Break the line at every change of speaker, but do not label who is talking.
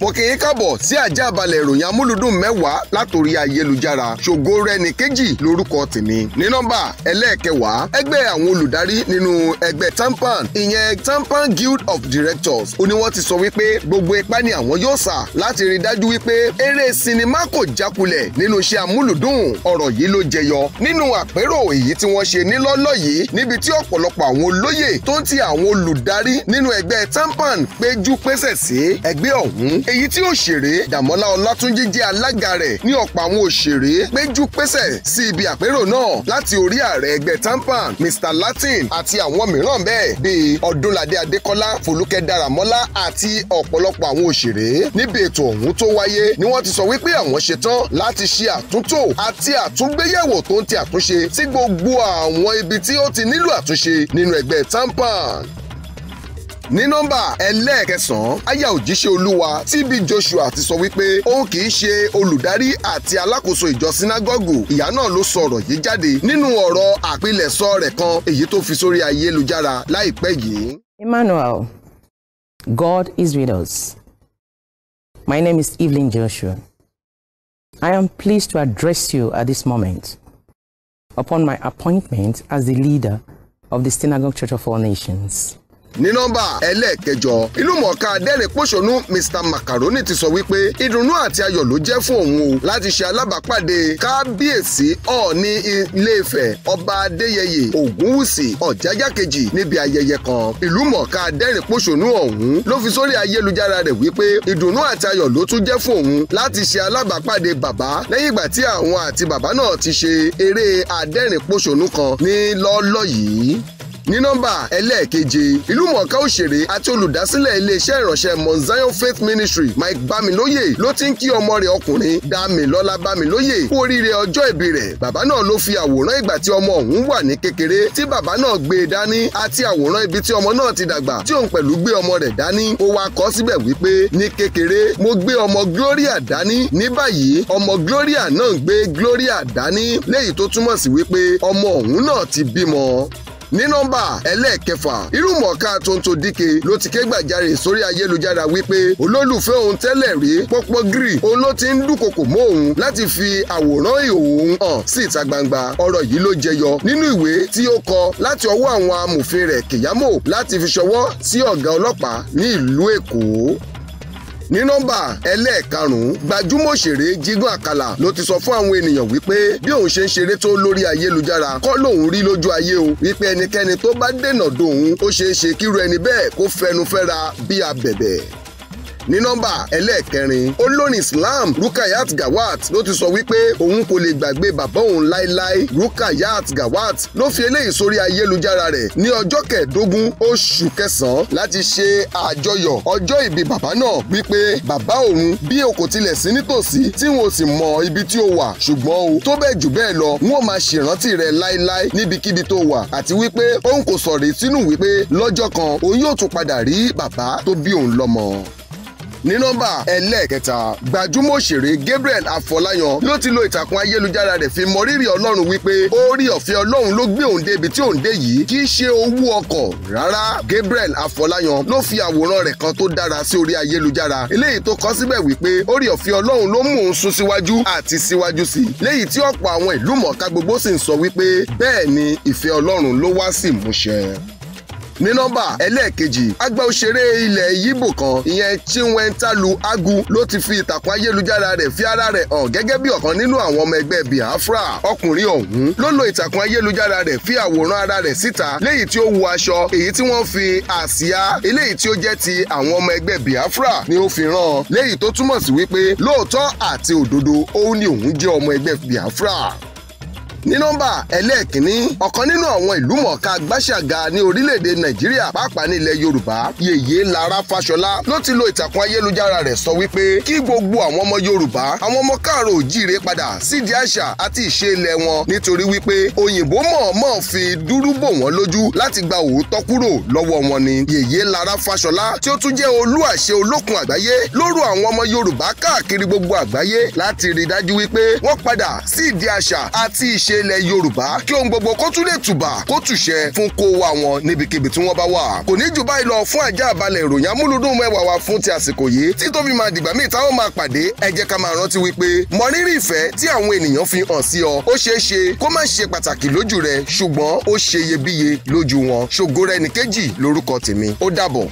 mo kì í káàbọ̀ sí àjẹ́ àbálẹ̀ ìròyìn amúlùdùn mẹ́wàá látòrí ayélujára ṣògo rẹni kejì lórúkọ tèmi ní nọ́mbà ẹlẹ́ẹ̀kẹwàá ẹgbẹ́ àwọn olùdarí nínú ẹgbẹ́ tampan ìyẹn tampan guild of directors ó ní wọ́n ti sọ wípé gbogbo ipá ni àwọn yóò sà láti rí dájú wípé eré sinimá kò jákulẹ̀ nínú iṣẹ́ amúlùdùn ọ̀rọ̀ yìí ló jẹyọ nínú àpérò èyí tí wọ́n ṣe nílọ́lọ́ yìí níbi tí ọ̀pọ̀lọpọ̀ tampan péjú pésẹ̀ sí ẹgbẹ́ èyí tí òṣèré Dàmọ́lá Ọlátúnjí jẹ́ alága rẹ̀ ní ọ̀pọ̀ àwọn òṣèré péjú pésẹ̀ sí ibi àpérò náà láti orí ààrẹ ẹgbẹ́ tampan Mr Latin àti àwọn mìíràn bẹ́ẹ̀ bíi Ọdúnládé Adékọ́lá Fọlúkẹ́ Dáramọ́lá àti ọ̀pọ̀lọpọ̀ àwọn òṣèré níbi ètò ọ̀hún tó wáyé ni wọ́n ti sọ wípé àwọn ṣetán láti ṣe àtúntò àti àtúngbéyẹ̀wò tó ń ti àtúnṣe sí gbogbo àwọn ibi tí ó ti nílò àtúnṣe nínú ẹgbẹ́ tampan ní nọ́mbà ẹlẹ́ẹ̀kẹsàn-án aya òjíṣẹ́ olúwa TB Joshua ti sọ wípé òun kì í ṣe olùdarí àti alákòóso ìjọ sinagogu ìyá náà ló sọ ọ̀rọ̀ yìí jáde nínú ọ̀rọ̀ àpilẹ̀sọ rẹ̀ kan èyí tó fi sórí ayélujára láìpẹ́ yìí. Emmanuel, God is with us. My name is Evelyn Joshua. I am pleased to address you at this moment upon my appointment as the leader of the Synagogue Church of All Nations ní nọ́mbà ẹlẹ́ẹ̀kẹjọ ìlúmọ̀ọ́ká adẹ́rìn-pọ̀ṣọ́nù Mr Macaroni ti sọ wípé ìdùnnú àti ayọ̀ ló jẹ́ fún òun o láti ṣe alábàápàdé kábíyèsí ọ̀ọ́ni Ilé-Ifẹ̀ ọba Adéyẹyè Ògúnwùsì Ọ̀jájá kejì níbi ayẹyẹ kan ìlúmọ̀ọ́ká adẹ́rìn-pọ̀ṣọ́nù ọ̀hún ló fi sórí ayélujára rẹ̀ wípé ìdùnnú àti ayọ̀ ló tún jẹ́ fún òun láti ṣe alábàápàdé bàbá lẹ́yìn ìgbà tí àwọn àti bàbá náà ti ṣe eré adẹ́rìn-pọ̀ṣọ́nù kan ní lọ́ọ́lọ́ yìí ní nọ́mbà ẹlẹ́ẹ̀keje ìlúmọ̀ọ́ká òṣèré àti olùdásílẹ̀ iléeṣẹ́ ìránṣẹ́ Mount Zion Faith Ministry Mike Bamilóyè ló ti ń kí ọmọ rẹ̀ ọkùnrin Dámilọ́lá Bamilóyè kú oríire ọjọ́ ìbí rẹ̀ bàbá náà ló fi àwòrán ìgbà tí ọmọ ọ̀hún wà ní kékeré tí bàbá náà gbé e dání àti àwòrán ibi tí ọmọ náà ti dàgbà tí òun pẹ̀lú gbé ọmọ rẹ̀ dání ó wá kọ síbẹ̀ wípé ní kékeré mo gbé ọmọ Gloria dání ní báyìí ọmọ Gloria náà gbé Gloria dání léyìí tó túmọ̀ sí wípé ọmọ ọ̀hún náà ti bímọ ní nọ́mbà ẹlẹ́ẹ̀kẹfà irúmọ̀ọ́ká Tonto Dike ló ti ké gbàjarè sórí ayélujára wípé olólùfẹ́ òun tẹ́lẹ̀ rí pọ́pọ́ gírì òun ló ti ń dúnkokò mọ́ òun láti fi àwòrán ìhòòhùn hàn sí ìta gbangba ọ̀rọ̀ yìí ló jẹyọ nínú ìwé tí ó kọ láti ọwọ́ àwọn amòfin rẹ̀ Keyamo láti fi ṣọwọ́ sí ọ̀gá ọlọ́pàá ní ìlú Èkó ní nọ́mbà ẹlẹ́ẹ̀karùn-ún gbajúmọ̀ òṣèré Jígan Àkàlà ló ti sọ fún àwọn ènìyàn wípé bí òun ṣe ń ṣeré tó lórí ayélujára kọ́ lòun rí lójú ayé o wípé ẹnikẹ́ni tó bá dènà dòun ó ṣeé ṣe kíru ẹni bẹ́ẹ̀ kó fẹnu fẹ́ra bí abẹ̀bẹ̀ ní nọ́mbà ẹlẹ́ẹ̀kẹrin olórin Islam Rukayat Gawat ló ti sọ wípé òun kò lè gbàgbé bàbá òun láéláé Rukayat Gawat ló fi eléyìí sórí ayélujára rẹ̀ ní ọjọ́ kẹẹ̀dógún oṣù kẹsàn-án láti ṣe àjọyọ̀ ọjọ́ ìbí bàbá náà wípé bàbá òun bí o kò tilẹ̀ sí nítòsí tí n ò sì mọ ibi tí o wà ṣùgbọ́n o tó bẹ́ẹ̀ jù bẹ́ẹ̀ lọ n ó máa ṣèrántí rẹ láéláé níbikíbi tó wà àti wípé òun kò sọ̀rọ̀ ìtinú wípé lọ́jọ́ kan òun yóò tún padà rí bàbá tó bí òun lọ́mọ ní nọ́mbà ẹlẹ́ẹ̀kẹta gbajúmọ̀ òṣèré Gabriel Afọláyan ló ti lo ìtàkùn ayélujára rẹ̀ fi mọrírì Ọlọ́run wípé orí ọ̀fẹ́ Ọlọ́run ló gbé òun débi tí òun dé yìí kì í ṣe owó ọkọ̀ rárá Gabriel Afọláyan ló fi àwòrán rẹ̀ kan tó dára sí orí ayélujára eléyìí tó kọ síbẹ̀ wípé orí ọ̀fẹ́ Ọlọ́run ló mú òun sún síwájú àti síwájú sí léyìí tí ọ̀pọ̀ àwọn ìlú mọ̀ọ́ká gbogbo sì ń sọ wípé bẹ́ẹ̀ ni ìfẹ́ Ọlọ́run ló wá sí ìmúṣẹ ní nọ́mbà ẹlẹ́ẹ̀kejì àgbà òṣèré ilẹ̀ yíbò kan ìyẹn Chinwetalu Agu ló ti fi ìtàkùn ayélujára rẹ̀ fi ara rẹ̀ hàn gẹ́gẹ́ bí ọ̀kan nínú àwọn ọmọ ẹgbẹ́ Biafra ọkùnrin ọ̀hún ló lo ìtàkùn ayélujára rẹ̀ fi àwòrán ara rẹ̀ síta léyìí tí ó wọ aṣọ èyí tí wọ́n fi àsíá eléyìí tí ó jẹ́ ti àwọn ọmọ ẹgbẹ́ Biafra ni ó fi rán léyìí tó túmọ̀ sí wípé lóòótọ́ àti òdodo òun ni òun jẹ́ ọmọ ẹgbẹ́ Biafra ní nọ́mbà ẹlẹ́ẹ̀kínní ọ̀kan nínú àwọn ìlú mọ̀ọ́ká gbàṣàgà ní orílẹ̀-èdè nàìjíríà pàápàá ní ilẹ̀ yorùbá yèyé lara fáṣọlá ló ti lo ìtàkùn ayélujára rẹ̀ sọ wípé kí gbogbo àwọn ọmọ yorùbá àwọn ọmọ káàrọ̀ òjíire padà sídìí àṣà àti ìṣe ilẹ̀ wọn nítorí wípé òyìnbó mọ̀ọ́mọ̀ fi dúró bò wọ́n lójú láti gba òótọ́ kúrò lọ́wọ́ wọn ni yèyé lára fáṣọlá tí ó tún jẹ́ olú àṣẹ olókun àgbáyé lóru àwọn ọmọ yorùbá káàkiri gbogbo àgbáyé láti rí dájú wípé wọ́n padà sídìí àṣà àti ìṣ ṣe ilẹ̀ Yorùbá kí ohun gbogbo kó tún lè tùbà kó tùṣẹ fún kó wa wọn níbikíbi tí wọ́n bá wà kò ní jù báyìí lọ fún àjà àbálẹ̀ ìròyìn amúlùdùn mẹ́wàá wa fún ti àsìkò yìí tí tóbi máa dìgbà míì táwọn máa pàdé ẹ jẹ́ ká máa rántí wípé mọrírì ìfẹ́ tí àwọn ènìyàn fi hàn sí ọ ó ṣeé ṣe kó má ṣe pàtàkì lójú rẹ ṣùgbọ́n ó ṣe iyebíye lójú wọn ṣògo rẹ nìkejì lórúkọ